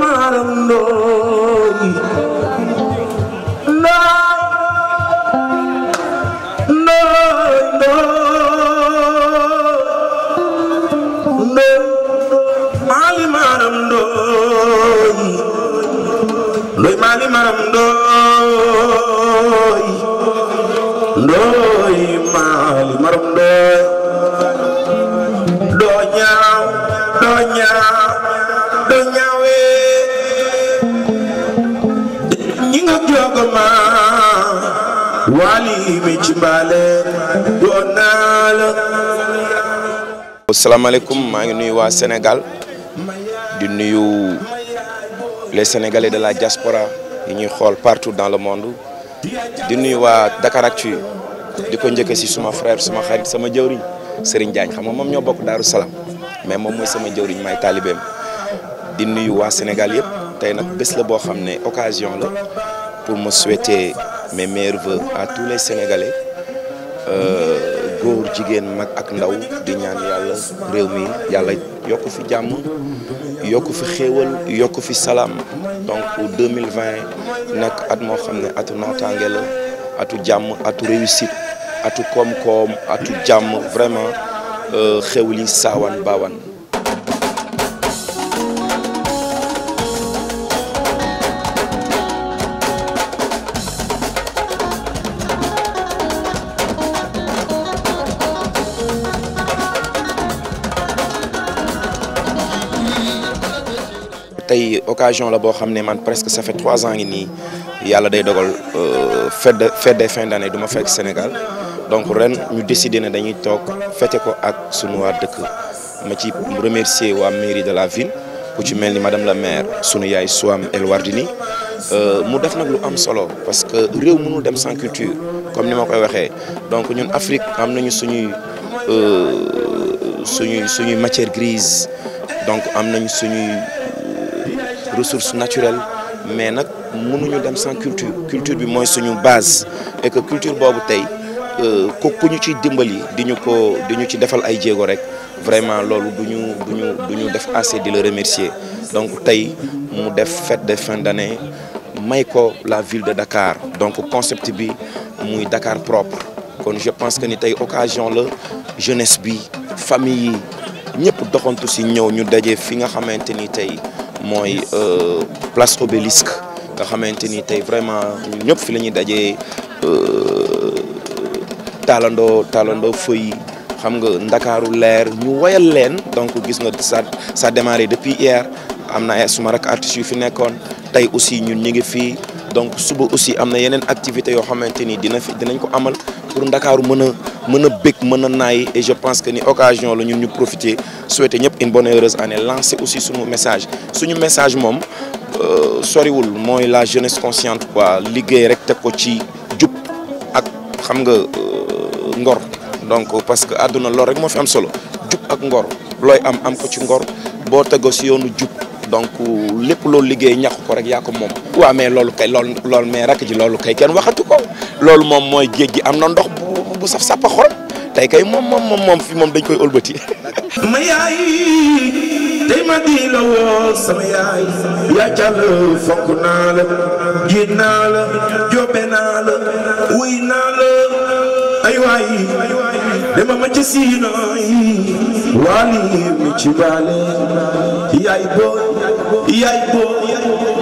maaram ndooy ndooy ndooy maali maaram ndooy ndooy maali maaram ndooy ndooy waali mi ci mbaale doon naa la. asalaamaaleykum maa ngi nuyu waa Sénégal di nuyu les Sénégalais de la diaspora yi ñuy xool partout dans le monde di nuyu waa Dakaractu di ko njëkkee si suma frère suma xarit sama jëwriñ Serigne Diagne xam nga moom ñoo bokk Daaru Salaam mais moom mooy sama jëwriñ may taalibeem di nuyu waa Sénégal yëpp tey nag bés la boo xam ne occasion la pour mu souhaiter. mes meilleurs à tous les Sénégalais euh, góor jigéen Mak, ak ndaw di ñaan Yalla, fi 2020 nous at moo xam ne atu la atu à atu réussite atu koom atu vraiment euh, tay occasion la bo xamné man presque ça fait 3 ans ni yalla yàlla day dogal euh, fête fête des fins d'année duma ma fekk Sénégal donc ren ñu décidé né dañuy tok fété ko ak sunu wa dëkk ma ci remercier wa mairie de la ville ku ci melni madame la maire sunu yaay Souam El Wardini euh, mu def nak lu am solo parce que rew mënul dem sans culture comme ni ma koy waxé donc ñun Afrique am nañu euh suñu suñu matière grise donc am nañ ressources naturelles mais nak, mënuñu dem sans culture culture bi mooy suñu base et que culture bobu tay euh, ku ko ñu ci dimbali di ñu ko di ñu ci defal ay djégo rek vraiment lolu duñu duñu duñu def assez de le remercier donc tay mu def fête de fin d'année may ko la ville de Dakar donc concept bi muy Dakar propre kon je pense que ni tay occasion le jeunesse bi famille yi ñëpp doxantu ci ñew ñu dajé fi nga xamanteni tay mooy euh, place Obélisque nga xamante ni tey vraiment ñun ñëpp fi la ñuy dajee euh, taalandoo taalandoo fëy xam nga ndakaaru leer ñu woyal leen donc gis nga ça ça démarré depuis hier am na ay suma rek artistes yu fi nekkoon tey aussi ñun ñu ngi fii donc suba aussi am na yeneen activités yoo xamante ni dina fi dinañ ko amal pour ndakaaru mën mën a bëgg mën et je pense que ni occasion la ñun ñu profiter souhaiter ñëpp une bonne heureuse année lancer aussi suñu message suñu message euh, soriwul mooy la jeunesse consciente quoi liguer rek teg ko ci jub ak xam nga euh, ngor donc parce que aduna, l'or, rek moo fi am solo jub ak ngor looy am am ko ci ngor boo tegoo si yoonu donc lépp loolu liggéey ñax ko rek yaa ko moom. waaw mais loolu kay lool loolu mais rakk ji loolu kay kenn waxatu ko loolu moom mooy géej gi am na ndox bu saf sàppa xol tey kay moom moom moom fi moom dañ koy ëlbati. ma yaay tey ma di la woo sama yaay yaa jàll fonk naa la jiit naa la joobe naa la wuy naa la ay waay dama ma ci siina yi waali mi ci baale E aí, boa, e aí, boa, e aí, boa.